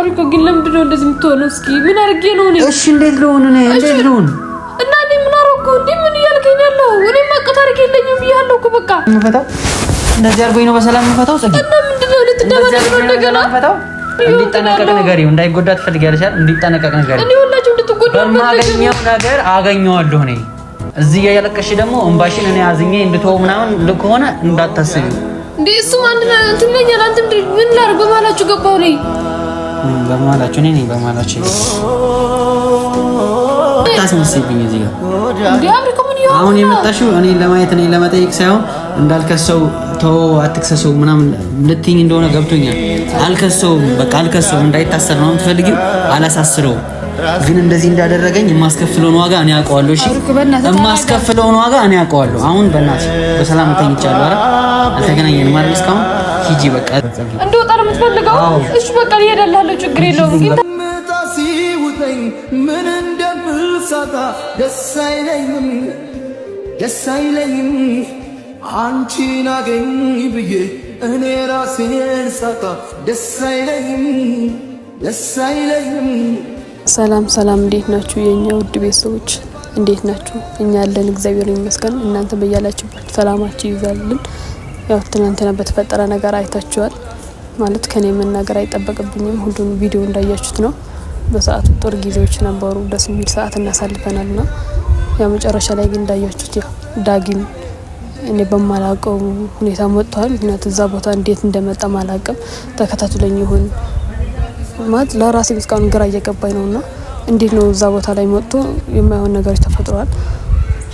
አሪኮ ግን ለምንድን ነው እንደዚህ የምትሆነው? እስኪ ምን አድርጌ ነው እኔ? እሺ እንዴት ልሆን እኔ እንዴት ልሆን እና እኔ ምን አደረኩ እንዴ? ምን እያልከኝ ያለው? እኔ ማቀት አድርጌ የለኝም ብያለሁ እኮ በቃ የምፈታው እንደዚህ አድርጎኝ ነው በሰላም የምፈታው። ጽጌ እና ምንድን ነው ልትደባደብ ነው እንደገና? እንዲጠነቀቅ ንገሪው፣ እንዳይጎዳ ትፈልጊያለሽ አይደል? እንዲጠነቀቅ ንገሪው። እኔ ሁላችሁ እንድትጎዳ በማገኘው ነገር አገኘዋለሁ እኔ እዚህ እያለቀሽ ደግሞ እንባሽን እኔ አዝኜ እንድትወው ምናምን ከሆነ እንዳታስቢ እንዴ። እሱም አንድ እንትን ይለኛል። አንተም ምን ላድርግ በማላችሁ ገባሁ እኔ በመሀላችሁ እኔ በመሀላችሁ ታስመስብኝ እዚህ ጋር አሁን የመጣሽው እኔ ለማየት እኔ ለመጠየቅ ሳይሆን እንዳልከሰው ተወው አትክሰሰው ምናምን ልትይኝ እንደሆነ ገብቶኛል። አልከሰውም፣ በቃ አልከሰውም። እንዳይታሰር ነው የምትፈልጊው። አላሳስረውም ግን እንደዚህ እንዳደረገኝ የማስከፍለውን ዋጋ እኔ አውቀዋለሁ። እሺ የማስከፍለውን ዋጋ እኔ አውቀዋለሁ። አሁን በእናትሽ በሰላም ተኝቻለሁ። ኧረ አልተገናኘንም አይደል እስካሁን ሂጂ በቃ የሚያስፈልገው? እሺ በቃ እሄዳለሁ፣ ችግር የለውም። ምጣ ሲውጠኝ ምን እንደምሳታ ደስ አይለኝም፣ ደስ አይለኝም። አንቺን አገኝ ብዬ እኔ ራሴን ሳታ ደስ አይለኝም፣ ደስ አይለኝም። ሰላም ሰላም፣ እንዴት ናችሁ የእኛ ውድ ቤተሰቦች? እንዴት ናችሁ? እኛ ያለን እግዚአብሔር ይመስገን። እናንተ በያላችሁበት ሰላማችሁ ይዛልን። ያው ትናንትና በተፈጠረ ነገር አይታችኋል። ማለት ከኔ መናገር አይጠበቅብኝም። ሁሉን ቪዲዮ እንዳያችሁት ነው። በሰዓቱ ጥሩ ጊዜዎች ነበሩ። ደስ የሚል ሰዓት እናሳልፈናል ና ያ መጨረሻ ላይ ግን እንዳያችሁት ያው ዳጊም እኔ በማላውቀው ሁኔታ መጥቷል። ምክንያቱ እዛ ቦታ እንዴት እንደመጣ ማላውቅም ተከታትለኝ ይሁን ማለት ለራሴ እስካሁን ግራ እየገባኝ ነው ና እንዴት ነው እዛ ቦታ ላይ መጥቶ የማይሆን ነገሮች ተፈጥሯል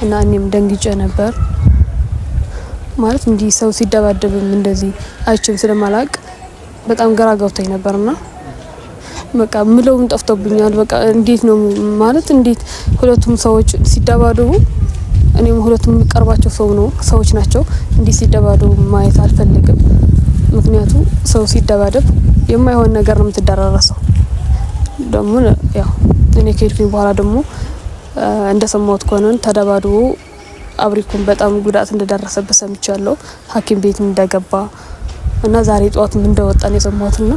እና እኔም ደንግጬ ነበር ማለት እንዲህ ሰው ሲደባደብም እንደዚህ አይችም ስለማላቅ በጣም ግራ ገብቶኝ ነበርና በቃ ምለውም ጠፍቶብኛል። በቃ እንዴት ነው ማለት እንዴት ሁለቱም ሰዎች ሲደባደቡ እኔም ሁለቱም የሚቀርባቸው ሰው ነው ሰዎች ናቸው። እንዴት ሲደባደቡ ማየት አልፈልግም። ምክንያቱም ሰው ሲደባደብ የማይሆን ነገር ነው የምትደራረሰው። ደግሞ ያው እኔ ከሄድኩኝ በኋላ ደግሞ እንደሰማሁት ከሆነ ተደባድቦ አብሪኩን በጣም ጉዳት እንደደረሰበት ሰምቻለሁ። ሐኪም ቤት እንደገባ እና ዛሬ ጠዋት እንደወጣን የሰማሁትና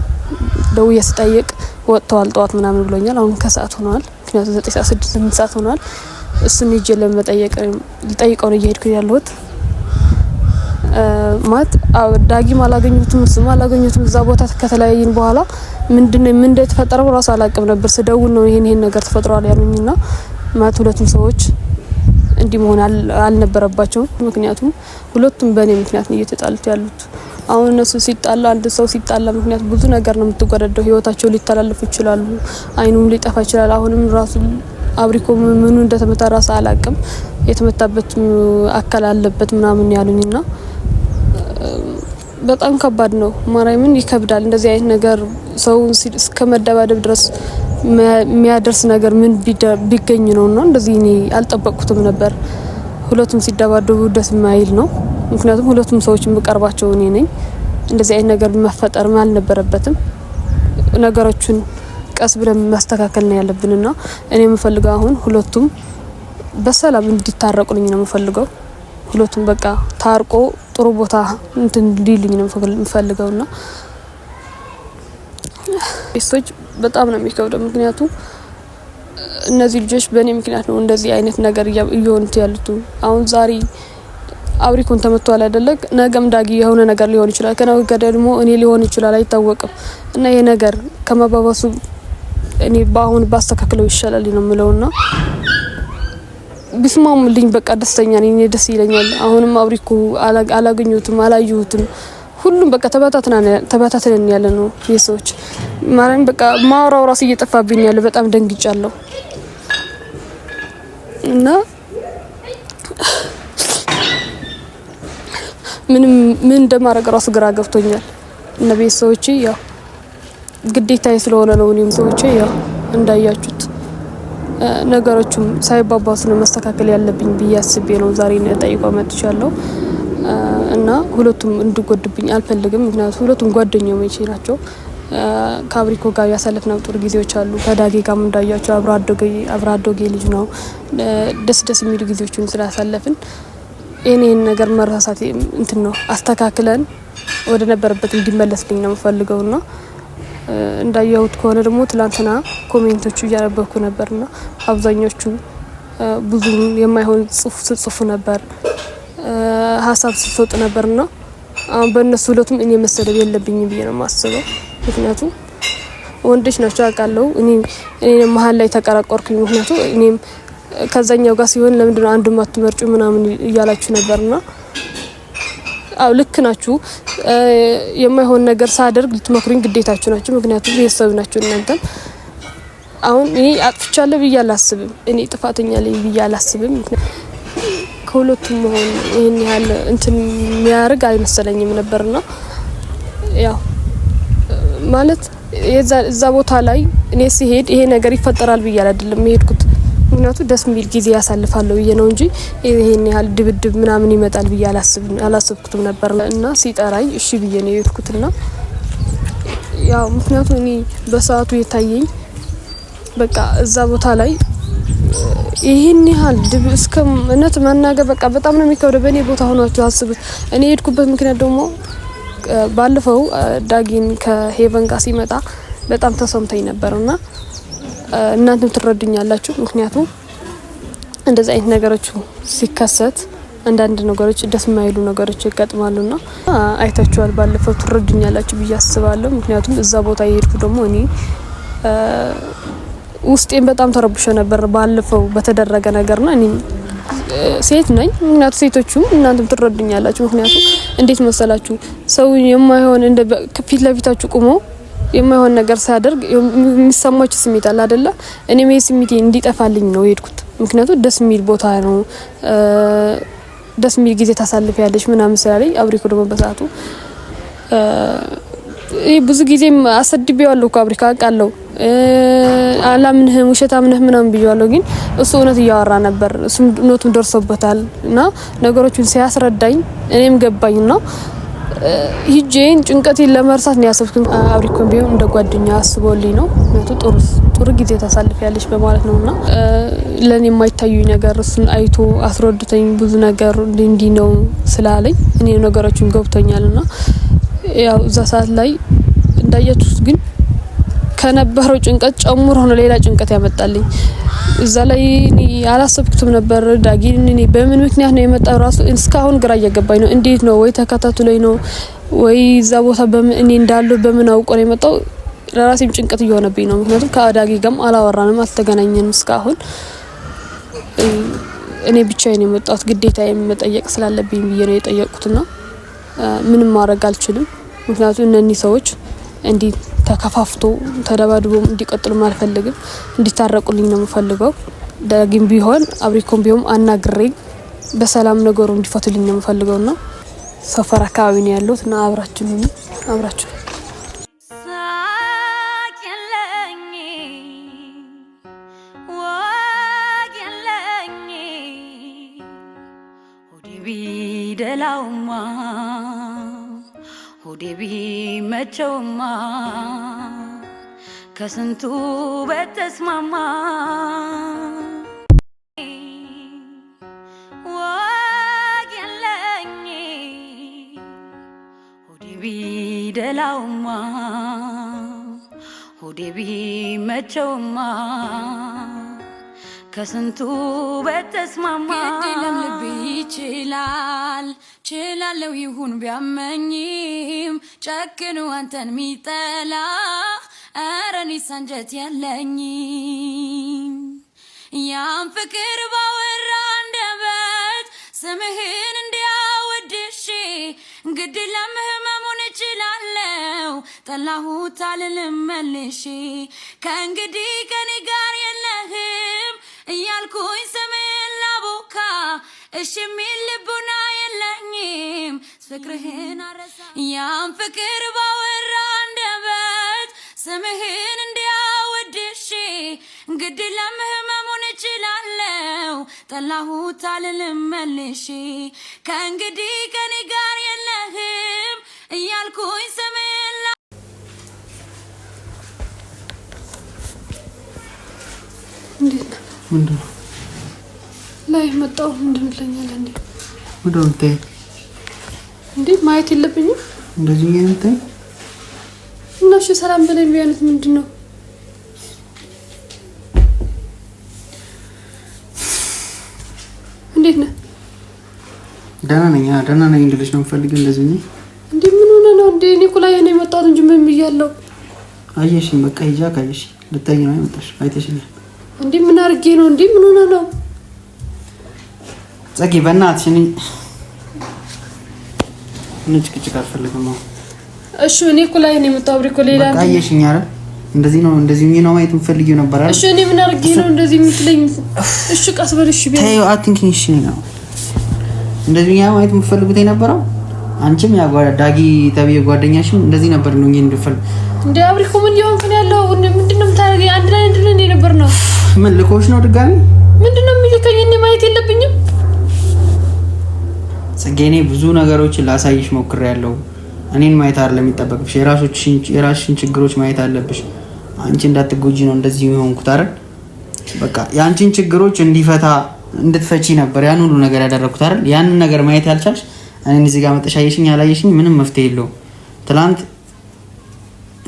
ደውዬ ስጠይቅ ወጥተዋል ጠዋት ምናምን ብሎኛል። አሁን ከሰዓት ሆነዋል፣ ምክንያቱም ዘጠኝ ሰዓት ስድስት ስምንት ሰዓት ሆነዋል። እሱን ሂጄ ለመጠየቅ ልጠይቀው ነው እየሄድኩ ያለሁት። ማለት ዳጊም አላገኙትም፣ እሱም አላገኙትም። እዛ ቦታ ከተለያየን በኋላ ምንድነው ምን እንደተፈጠረው ራሱ አላቅም ነበር። ስደውል ነው ይሄን ይሄን ነገር ተፈጥሯል ያሉኝና ማለት ሁለቱም ሰዎች እንዲህ መሆን አልነበረባቸውም። ምክንያቱም ሁለቱም በእኔ ምክንያት ነው እየተጣሉት ያሉት። አሁን እነሱ ሲጣላ አንድ ሰው ሲጣላ ምክንያት ብዙ ነገር ነው የምትጎዳደው። ህይወታቸው ሊተላለፉ ይችላሉ። አይኑም ሊጠፋ ይችላል። አሁንም ራሱ አብሪኮ ምኑ እንደተመታ ራስ አላቅም። የተመታበት አካል አለበት ምናምን ያሉኝ በጣም ከባድ ነው። ማርያምን ይከብዳል። እንደዚህ አይነት ነገር ሰውን እስከ መደባደብ ድረስ የሚያደርስ ነገር ምን ቢገኝ ነው እና እንደዚህ እኔ አልጠበቅኩትም ነበር። ሁለቱም ሲደባደቡ ደስ የማይል ነው። ምክንያቱም ሁለቱም ሰዎች የምቀርባቸው እኔ ነኝ። እንደዚህ አይነት ነገር መፈጠርም አልነበረበትም። ነገሮቹን ቀስ ብለን ማስተካከል ነው ያለብንና እኔ የምፈልገው አሁን ሁለቱም በሰላም እንዲታረቁልኝ ነው የምፈልገው። ሁለቱም በቃ ታርቆ ጥሩ ቦታ እንትን እንዲልኝ ነው የምፈልገውና ቤቶች በጣም ነው የሚከብደው። ምክንያቱም እነዚህ ልጆች በእኔ ምክንያት ነው እንደዚህ አይነት ነገር እየሆኑት ያሉት አሁን ዛሬ አብሪኮን ተመቷል አይደለ? ነገም ዳጊ የሆነ ነገር ሊሆን ይችላል፣ ከነገ ደግሞ እኔ ሊሆን ይችላል፣ አይታወቅም። እና ይሄ ነገር ከመባባሱ እኔ በአሁን ባስተካክለው ይሻላል ነው የምለውና ቢስማሙልኝ በቃ ደስተኛ ነኝ፣ እኔ ደስ ይለኛል። አሁንም አብሪኮ አላገኙትም፣ አላየሁትም። ሁሉም በቃ ተበታትነን ያለ ነው የሰዎች ማለት በቃ ማውራው ራሱ እየጠፋብኝ ያለ በጣም ደንግጫለሁ እና ምንም ምን እንደማድረግ ራሱ ግራ ገብቶኛል። እነ ቤተሰቦቼ ያው ግዴታዬ ስለሆነ ነው። እኔም ሰዎች ያው እንዳያችሁት ነገሮቹም ሳይባባሱ ነው መስተካከል ያለብኝ ብዬ አስቤ ነው ዛሬ ጠይቋ መጥቻለሁ። እና ሁለቱም እንድጎድብኝ አልፈልግም። ምክንያቱም ሁለቱም ጓደኛው መቼ ናቸው። ከአብሪኮ ጋር ያሳለፍነው ጥሩ ጊዜዎች አሉ። ከዳጌ ጋርም እንዳያቸው አብረ አደጌ ልጅ ነው። ደስ ደስ የሚሉ ጊዜዎችን ስላሳለፍን የኔን ነገር መረሳሳት እንትን ነው አስተካክለን ወደ ነበረበት እንዲመለስልኝ ነው የምፈልገው ና እንዳየሁት ከሆነ ደግሞ ትላንትና ኮሜንቶቹ እያነበብኩ ነበርና አብዛኞቹ ብዙ የማይሆን ጽሁፍ ስጽፉ ነበር፣ ሀሳብ ስትሰጡ ነበርና በእነሱ ሁለቱም እኔ መሰደብ የለብኝም ብዬ ነው የማስበው። ምክንያቱም ወንዶች ናቸው አውቃለሁ። እኔ መሀል ላይ ተቀራቆርኩኝ። ምክንያቱ እኔም ከዛኛው ጋር ሲሆን ለምንድን ነው አንዱ ማትመርጩ ምናምን እያላችሁ ነበርና፣ አው ልክ ናችሁ። የማይሆን ነገር ሳደርግ ልትመክሩኝ ግዴታችሁ ናችሁ፣ ምክንያቱም ቤተሰብ ናችሁ እናንተም። አሁን እኔ አጥፍቻለሁ ብዬ አላስብም፣ እኔ ጥፋተኛ ላይ ብዬ አላስብም። ከሁለቱም መሆን ይህን ያህል እንትን የሚያደርግ ነበርና ያው ማለት እዛ ቦታ ላይ እኔ ሲሄድ ይሄ ነገር ይፈጠራል ብዬ አላደለም የሄድኩት ምክንያቱ ደስ የሚል ጊዜ ያሳልፋለሁ ብዬ ነው እንጂ ይሄን ያህል ድብድብ ምናምን ይመጣል ብዬ አላሰብኩትም ነበር እና ሲጠራኝ እሺ ብዬ ነው የሄድኩትና ያው ምክንያቱ እኔ በሰዓቱ የታየኝ በቃ እዛ ቦታ ላይ ይህን ያህል ድብ እስከ እውነት መናገር በቃ በጣም ነው የሚከብደው። በእኔ ቦታ ሆኗቸው አስቡት። እኔ የሄድኩበት ምክንያት ደግሞ ባለፈው ዳጊን ከሄቨን ጋር ሲመጣ በጣም ተሰምተኝ ነበር እና እናንተም ትረዱኛላችሁ። ምክንያቱም እንደዚ አይነት ነገሮች ሲከሰት አንዳንድ ነገሮች ደስ የማይሉ ነገሮች ይገጥማሉና አይታችኋል። ባለፈው ትረዱኛላችሁ ብዬ አስባለሁ። ምክንያቱም እዛ ቦታ የሄድኩ ደግሞ እኔ ውስጤን በጣም ተረብሾ ነበር ባለፈው በተደረገ ነገርና እኔ ሴት ነኝ። ምክንያቱ ሴቶቹም እናንተም ትረዱኛላችሁ። ምክንያቱም እንዴት መሰላችሁ ሰው የማይሆን ፊት ለፊታችሁ ቁመው የማይሆን ነገር ሳደርግ የሚሰማች ስሜት አለ አደለ? እኔም ይህ ስሜቴ እንዲጠፋልኝ ነው የሄድኩት። ምክንያቱ ደስ የሚል ቦታ ነው፣ ደስ የሚል ጊዜ ታሳልፍ ያለች ምናምን ስላለኝ አብሪኮ ደግሞ በሰዓቱ ይህ ብዙ ጊዜም አሰድቤዋለሁ እኮ አብሪካ አውቃለሁ። አላምንህ ውሸታምነህ ምናምን ብያለሁ፣ ግን እሱ እውነት እያወራ ነበር። እሱም እውነቱም ደርሶበታል እና ነገሮቹን ሲያስረዳኝ እኔም ገባኝ ነው ሂጄን ጭንቀቴን ለመርሳት ነው ያሰብኩኝ። አብሪኮን ቢሆን እንደ ጓደኛ አስቦልኝ ነው ምክንያቱ ጥሩ ጊዜ ታሳልፍ ያለች በማለት ነው እና ለእኔ የማይታዩ ነገር እሱን አይቶ አስረድተኝ ብዙ ነገር እንዲ ነው ስላለኝ እኔ ነገሮችን ገብቶኛል እና ያው እዛ ሰዓት ላይ እንዳያችሁት ግን ከነበረው ጭንቀት ጨምሮ ሆነ ሌላ ጭንቀት ያመጣልኝ። እዛ ላይ እኔ አላሰብኩትም ነበር። ዳጊን እኔ በምን ምክንያት ነው የመጣው ራሱ እስካሁን ግራ እያገባኝ ነው። እንዴት ነው ወይ ላይ ነው ወይ እዛ ቦታ እኔ እንዳለው በምን አውቆ ነው የመጣው? ለራሴም ጭንቀት እየሆነብኝ ነው። ምክንያቱም ከዳጊ ጋርም አላወራንም፣ አልተገናኘንም እስካሁን እኔ ብቻዬን የመጣሁት ግዴታ የመጠየቅ ስላለብኝ ብዬ ነው የጠየቁትና ምንም ማድረግ አልችልም። ምክንያቱም እነኚህ ሰዎች እንዲህ ተከፋፍቶ ተደባድቦ እንዲቀጥሉም አልፈልግም። እንዲታረቁልኝ ነው የምፈልገው። ዳግም ቢሆን አብሪኮም ቢሆን አናግሬ በሰላም ነገሩ እንዲፈቱልኝ ነው የምፈልገው። ና ሰፈር አካባቢ ነው ያለሁት እና አብራችሁ አብራችሁ ሆዴ ቢመቸውማ ከስንቱ በተስማማ ወግ የለኝ ሆዴ ቢደላውማ ሆዴ ቢመቸውማ ከስንቱ በተስማማ ልብ ይችላል ችላለው ይሁን ቢያመኝም ጨክኑ አንተን ሚጠላ አረኒ ሳንጀት ያለኝም ያም ፍቅር ባወራ አንደበት ስምህን እንዲያወድሼ ግድ ለምህመሙን እችላለው ጠላሁት አልልም ከእንግዲህ ከኔ ጋር እያልኩኝ ስምን ላቦካ እሽ ሚል ልቡና የለኝም ፍቅርህን አረሳ ያም ፍቅር ባወራ አንደበት ስምህን እንዲያወድሼ ግድ ለምህመሙን እችላለሁ ጠላሁት አልልም መልሼ ከእንግዲህ ከኔ ጋር የለህም እያልኩኝ ምንድነው ላይ መጣው? ምንድን ብለኛል እንዴ? ምንድነው የምታይ እንዴ? ማየት የለብኝም እንደዚህ ነው የምታይ? እና እሺ ሰላም ምንድን ነው እንዴት ነህ? ደህና ነኝ። ደህና ነኝ እንድልሽ ነው የምፈልግ። እንደዚህ ነው እንዴ? ምን ሆነ ነው እንዴ? እኔ እኮ ላይ ነው የመጣሁት እንጂ ምን ብያለሁ? አየሽኝ፣ በቃ ሂጂ። ነው የመጣሽ አይተሽኛል እንዴ ምን አድርጌ ነው? እንዴ ምን ሆነ ነው? ጸጊ በእናትሽ እኔ ምን ጭቅጭቅ አልፈልግም። እሺ እኔ እኮ ላይ ነው የምታብሪ እኮ ሌላ ነው። ታየሽኝ አይደል? እንደዚህ ነው እንደዚህ ነው ማየት የምፈልጊው ነበር አይደል? እሺ እኔ ምን አድርጌ ነው እንደዚህ የምትለኝ? እሺ ቀስ በል እሺ። ቢያንስ ተይው አትንኪኝ። እሺ ነው እንደዚህ ነው ማየት የምፈልጉት የነበረው አንቺም ያ ዳጊ ተብዬ ጓደኛሽም እንደዚህ ነበር ነው እንዴ እንድፈል እንዴ አብሪ ምን ይሆን ሊሆን ያለው ምንድነው የምታደርገኝ? አንድ ላይ እንድልን የነበር ነው ምን ልኮች ነው ድጋሚ? ምንድነው የሚልከኝ? እኔ ማየት የለብኝም። ጽጌኔ ብዙ ነገሮችን ላሳይሽ ሞክሬያለሁ። እኔን ማየት አይደለም የሚጠበቅብሽ፣ የራስሽን ችግሮች ማየት አለብሽ። አንቺ እንዳትጎጂ ነው እንደዚህ የሆንኩት አይደል? በቃ የአንቺን ችግሮች እንዲፈታ እንድትፈቺ ነበር ያን ሁሉ ነገር ያደረግኩት አይደል? ያንን ነገር ማየት ያልቻልሽ እኔን እዚህ ጋር መጠሽ አየሽኝ ያላየሽኝ ምንም መፍትሄ የለውም። ትላንት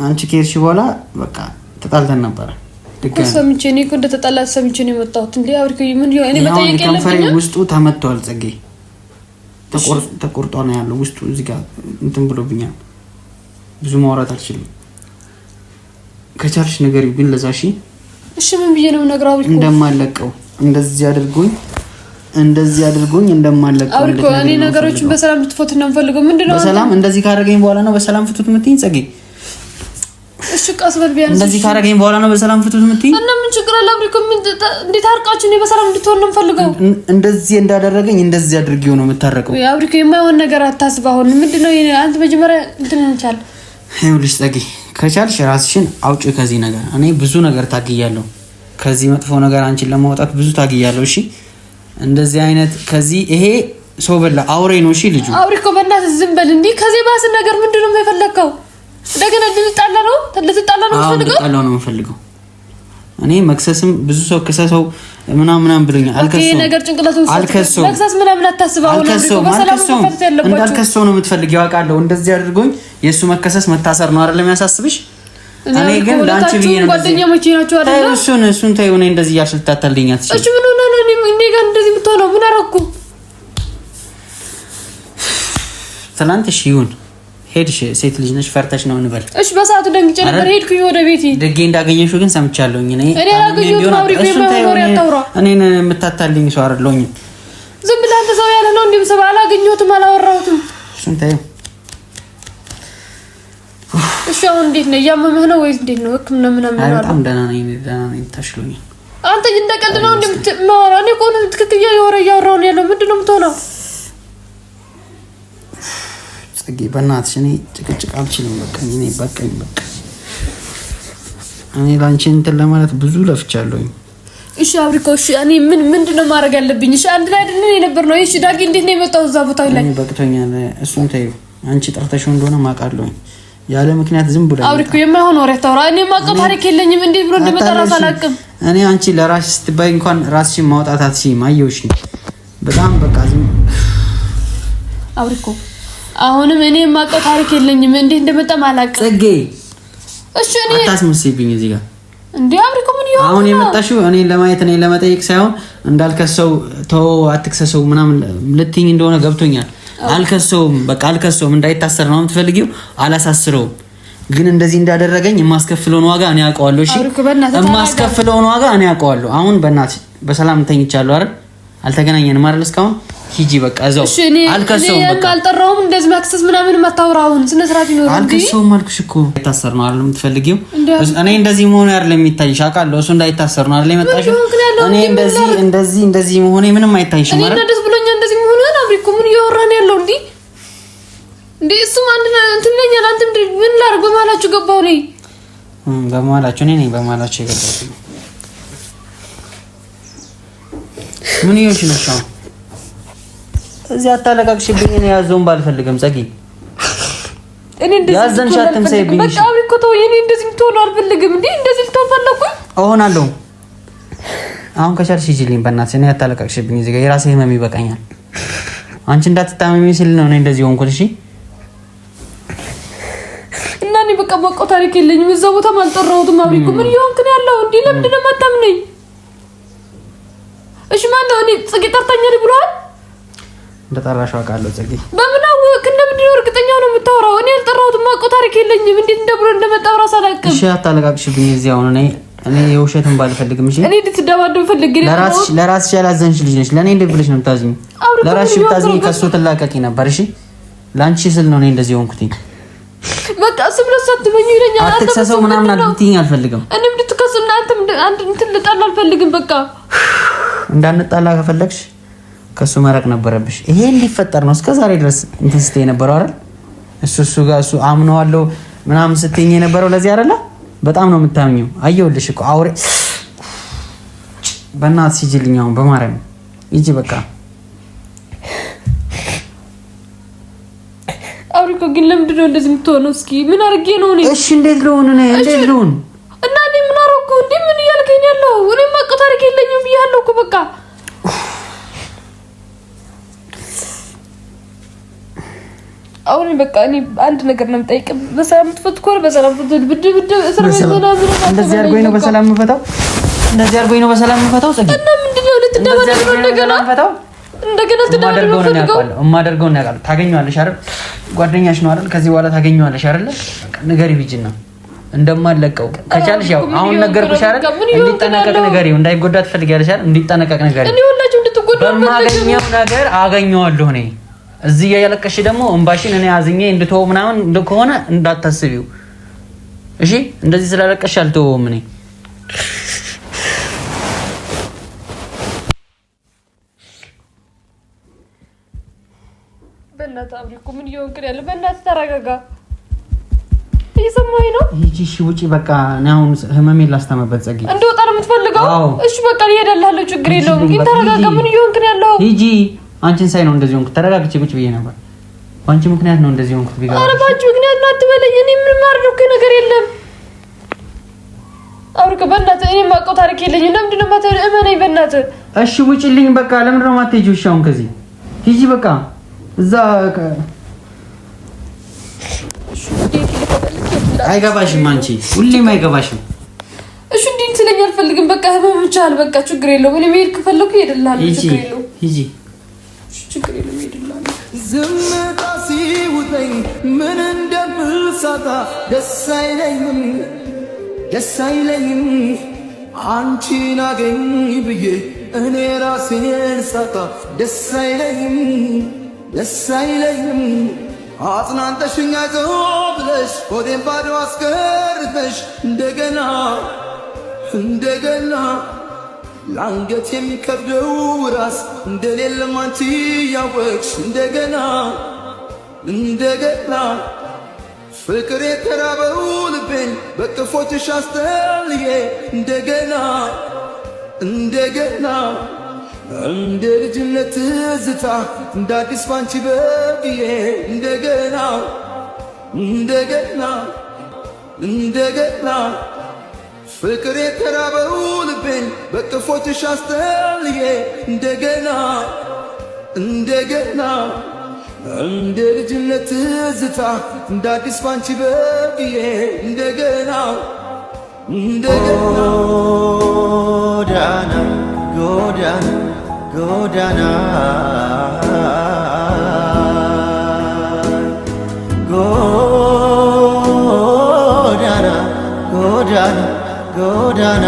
አንቺ ከሄድሽ በኋላ በቃ ተጣልተን ነበረ። ሰምቼ እኔ እኮ እንደተጣላ ሰምቼ ነው የመጣሁት። አብሪኮ ምን እኔ መጠየቅ ውስጡ ተመቷል፣ ጽጌ ተቆርጧ ነው ያለው ውስጡ። እዚህ እንትን ብሎብኛል፣ ብዙ ማውራት አልችልም። ከቻልሽ ነገር ግን ለዛ ሺ እሺ፣ ምን ብዬ ነው ነገር አብሪኮ እንደማለቀው እንደዚህ አድርጎኝ እንደዚህ አድርጎኝ እንደማለቀው አብሪኮ። እኔ ነገሮችን በሰላም ልትፎት ነው ምንድነው በሰላም እንደዚህ ካደረገኝ በኋላ ነው በሰላም ፍቱት የምትይኝ ጸጌ እሺ ቀስ በል ቢያንስ እንደዚህ ካረገኝ በኋላ ነው በሰላም ፍቱት የምትይኝ እና ምን ችግር አለ አብሪኮ እንዴት አርቃችሁ እኔ በሰላም እንድትሆን ነው የምፈልገው እንደዚህ እንዳደረገኝ እንደዚህ አድርጌው ነው የምታረቀው አብሪኮ የማይሆን ነገር አታስብ አሁን ምንድን ነው አንተ መጀመሪያ እንትን እንቻል ይኸውልሽ ፀጌ ከቻልሽ ራስሽን አውጪ ከዚህ ነገር እኔ ብዙ ነገር ታግያለሁ ከዚህ መጥፎ ነገር አንቺን ለማውጣት ብዙ ታግያለሁ እሺ እንደዚህ አይነት ከዚህ ይሄ ሰው በላ አውሬ ነው እሺ ልጁ አብሪኮ በእናትህ ዝም በል እንዲህ ከዚህ ባስ ነገር ምንድን የፈለግከው እንደገና ልትጣላ ነው ልትጣላ ነው የምፈልገው ነው የምፈልገው። እኔ መክሰስም ብዙ ሰው ከሰሰው ምናምን ምናምን ብሎኛል። አልከሰው ነገር ጭንቅላቱን አልከሰው መክሰስ ምናምን አታስብ። አሁን እንዳልከሰው ነው የምትፈልግ ያውቃለሁ። እንደዚህ አድርጎኝ የእሱ መከሰስ መታሰር ነው አይደለም የሚያሳስብሽ። እኔ ግን ለአንቺ ብዬ ነው ጓደኛሞቼ ናቸው አይደል? እሱን እሱን ተይው። እኔ እንደዚህ እያልሽ ልታታልኝ አትችይም። እሺ ምን ሆነህ ነው እኔ ጋር እንደዚህ የምትሆነው? ምን አደረኩ ትናንት? እሺ ይሁን ሄድሽ ሴት ልጅ ነሽ፣ ፈርተሽ ነው እንበል። እሺ በሰዓቱ ደንግጬ ነበር ሄድኩኝ ወደ ቤቴ። ድጌ እንዳገኘሽው ግን ሰምቻለሁኝ። እኔ እኔን የምታታልኝ ሰው አይደለሁኝም። ዝም ብለህ አንተ ሰው ያለ ነው እንዲም ሰው አላገኘሁትም፣ አላወራሁትም። እሱን ተይው እሺ። አሁን እንዴት ነው? እያመመህ ነው ወይስ እንዴት ነው? ሕክምና ምናምን አለ? በጣም ደህና ነኝ፣ ደህና ነኝ፣ ተሽሎኛል። አንተ እንደ ቀልድ ነው እንደምትማወራው። እኔ እኮ ትክክል እያወራሁ ነው ያለው። ምንድን ነው የምትሆነው? ጽጌ በእናትሽ እኔ ጭቅጭቅ አልችልም። በቃኝ እኔ በቃኝ በቃ እኔ ላንቺ እንትን ለማለት ብዙ ለፍቻለሁኝ። እሺ አብሪኮ፣ እሺ እኔ ምን ምንድን ነው ማድረግ ያለብኝ? እሺ አንድ ላይ አይደለን የነበር ነው። እሺ ዳጊ እንዴት ነው የመጣው? እዛ ቦታ ላይ እኔ በቅቶኛል። እሱን ተይው። አንቺ ጠርተሽው እንደሆነ ማውቃለሁኝ። ያለ ምክንያት ዝም ብሎ አብሪኮ የማይሆን ወሬ ታውራ። እኔ ማውቀው ታሪክ የለኝም። እንዴት ብሎ እንደመጣ ራስ አላውቅም። እኔ አንቺ ለራስሽ ስትባይ እንኳን ራስሽን ማውጣት አትችይም። አየሁሽ። በጣም በቃ ዝም አብሪኮ አሁንም እኔ የማውቀው ታሪክ የለኝም። እንዴት እንደመጣም አላውቅም። ጽጌ እሺ፣ እኔ አታስመስይብኝ እዚህ ጋር እንዴ አብሪኮ ምን ይሆን? አሁን የመጣሽው እኔ ለማየት እኔ ለመጠየቅ ሳይሆን እንዳልከሰው ተው፣ አትክሰሰው ምናምን ልትይኝ እንደሆነ ገብቶኛል። አልከሰውም፣ በቃ አልከሰውም። እንዳይታሰር ነው የምትፈልጊው? አላሳስረውም። ግን እንደዚህ እንዳደረገኝ የማስከፍለውን ዋጋ እኔ አውቀዋለሁ። እሺ፣ የማስከፍለውን ዋጋ እኔ አውቀዋለሁ። አሁን በእናትሽ በሰላም ተኝቻለሁ አይደል? አልተገናኘንም አይደል እስካሁን ሂጂ በቃ እዛው አልከሰውም። በቃ አልጠራውም። እንደዚህ መክሰስ ምናምን መታወራውን ስነ ስርዓት ይኖራል። አልከሰውም አልኩሽ እኮ እንዳይታሰር ነው አይደል የምትፈልጊው? እኔ እንደዚህ መሆኑ አይደለም የሚታይሽ አውቃለሁ። እሱ እንዳይታሰር ነው አይደል የመጣሽው? እኔ እንደዚህ እንደዚህ እንደዚህ መሆኔ ምንም አይታይሽም ማለት እኔ እንደዚህ ብሎኛል እንደዚህ መሆኑ አብሪ እኮ ምን እያወራን ያለው እንዴ? እንዴ እሱም አንድ እንትን ይለኛል። አንተ ምን ላድርግ በመሀላችሁ ገባሁ እኔ በመሀላችሁ እኔ ነኝ በመሀላችሁ የገባሁት ምን ይኸውልሽ ነው እዚህ አታለቃቅሽብኝ። እኔ ያዘውን ባልፈልግም ጸጊ ያዘንሻት ትምሰይብኝ። በቃ አብሪ እንደዚህ ልትሆን አልፈልግም። እንዴ እንደዚህ ልትሆን ፈለኩኝ። እሆናለሁ። አሁን ከቻልሽ ሂጂልኝ፣ በእናትሽ እኔ አታለቃቅሽብኝ። እዚህ ጋር የራሴ ህመም ይበቃኛል። አንቺ እንዳትታመሚ ስል ነው እኔ እንደዚህ ሆንኩት። እሺ እና እኔ በቃ ማውቀው ታሪክ የለኝም። እዛ ቦታ አልጠራሁትም። አብሪኩ ምን እየሆንክ ነው ያለው? እንዴ ለምንድን ነው የማታምነኝ? እሺ ማነው? እኔ ጽጌ ጠርታኛል ብለዋል እንደጠራሽው አውቃለሁ ፅጌ። በምን አወቅ? እንደምንድን ነው እርግጠኛ ነው የምታወራው? እኔ አልጠራሁትም፣ አውቀው ታሪክ የለኝም። እንዴት እንደብሎ እንደመጣው እራሱ አላውቅም። እሺ አታለቃቅሽብኝ። እዚህ አሁን እኔ እኔ የውሸትን ባልፈልግም፣ እሺ እኔ እንድትደባደብ ፈልግ። ለራስሽ ለራስሽ ያላዘንሽ ልጅ ነሽ። ለእኔ እንዴት ብለሽ ነው የምታዝኝ? ለራስሽ ብታዝኝ ከእሱ ትላቀቂ ነበር። እሺ ለአንቺ ስል ነው እኔ እንደዚህ ሆንኩትኝ። በቃ እሱ ብለ እሱ አትመኙ ይለኛል። አትክሰሰው ምናምን አትይኝ አልፈልግም። እኔም እንድትከስ እናንተም አንድ እንትን ልጣል አልፈልግም። በቃ እንዳንጣላ ከፈለግሽ ከእሱ መረቅ ነበረብሽ። ይሄ እንዲፈጠር ነው እስከዛሬ ድረስ እንትን ስትይ የነበረው አይደል? እሱ እሱ ጋር እሱ አምነዋለሁ ምናምን ስትይኝ የነበረው ለዚህ አይደለ? በጣም ነው የምታምኘው። አየሁልሽ እኮ አውሬ። በእናትሽ ሂጂልኝ አሁን በማርያም ሂጂ በቃ። አውሪ እኮ ግን ለምንድን ነው እንደዚህ የምትሆነው? እስኪ ምን አድርጌ ነው እኔ? እሺ እንዴት ልሆን ነ እንዴት ልሆን እና እኔ ምን አደረኩ? እንዴ ምን እያልከኝ ያለው? እኔ ማቀት አድርጌ የለኝም ብያለሁ እኮ በቃ አሁን በቃ እኔ አንድ ነገር ነው የምጠይቅህ። በሰላም ትፈት እኮ በሰላም ትፈት ብድ ብድ እስር ቤት እንደዚህ አድርጎኝ ነው በሰላም የምፈታው። እንደዚህ አድርጎኝ ነው በሰላም የምፈታው። ጽጌ እና ምንድን ነው ልትደባደብ ነው እንደገና? እንደገና ነው ያውቃል። ታገኘዋለሽ አይደል? ጓደኛሽ ነው አይደል? ከዚህ በኋላ ታገኘዋለሽ አይደል? ንገሪው ሂጂና እንደማለቀው ከቻልሽ ያው አሁን ነገርኩሽ አይደል? እንዲጠነቀቅ ንገሪው። እንዳይጎዳ ትፈልጊያለሽ አይደል? እንዲጠነቀቅ ንገሪው። በማገኘው ነገር አገኘዋለሁ እኔ እዚህ እያለቀሽ ደግሞ እንባሽን እኔ አዝኜ እንድትወው ምናምን ከሆነ እንዳታስቢው እሺ። እንደዚህ ስላለቀሽ አልተወውም እኔ ምን እየሆንክ ነው ነው? ሂጂ፣ እሺ፣ ውጪ። በቃ እኔ አሁን ህመሜን ላስተመበት። ጸጊ እንደወጣ ነው የምትፈልገው? እሺ፣ በቃ እሄዳለሁ። ችግር የለውም ግን ተረጋጋ። ምን እየሆንክ ነው ያለው? ሂጂ አንቺን ሳይ ነው እንደዚህ ሆንኩት። ተረጋግቼ ቁጭ ብዬ ነበር። በአንቺ ምክንያት ነው እንደዚህ ሆንኩት። ቢጋ ኧረ በአንቺ ምክንያት ነው አትበለኝ። እኔ ምንም ማድረግ ነገር የለም አውርቅ በእናትህ። እኔ የማውቀው ታሪክ የለኝ። ለምንድን ነው የማትሄጂው? እመነኝ በእናትህ። እሺ ውጪልኝ በቃ። ለምንድን ነው የማትሄጂው? እሺ አሁን ከዚህ ሂጂ በቃ እዛ አይገባሽም። አንቺ ሁሌም አይገባሽም። እሺ እንዴት ስለኛ አልፈልግም። በቃ ህመም ብቻ በቃ ችግር የለውም። እኔ መሄድ ከፈለኩ ሄድልሃለሁ። ችግር የለውም። ሂጂ ችግር የለም ሄድላ ዝምታ ሲውጠኝ ምን እንደምሳታ ደስ አይለኝም ደስ አይለኝም አንቺን አገኝ ብዬ እኔ ራሴን ሳታ ደስ አይለኝም ደስ አይለኝም አጽናንተሽኛ ዘው ብለሽ ሆዴን ባዶ አስገርተሽ እንደገና እንደገና ለአንገት የሚከብደው ራስ እንደሌለ ማንቺ ያወቅሽ እንደገና እንደገና ፍቅር የተራበው ልቤን በቅፎችሽ አስተልዬ እንደገና እንደገና እንደ ልጅነት ትዝታ እንደ አዲስ ባንቺ በብዬ እንደገና እንደገና እንደገና ፍቅር የተራበው ልቤን በቅፎችሽ አስተልዬ እንደገና እንደገና እንደ ልጅነት ትዝታ እንደ አዲስ ባንቺ በብዬ እንደገና እንደገና ጎዳና ጎዳና ጎዳና ጎዳና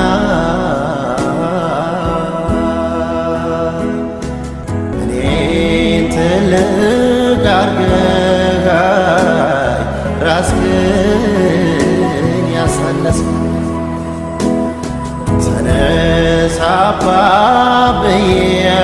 እኔን ትልቅ አርገሃይ ራስህን ያሳነስ ተነሳባ ብያ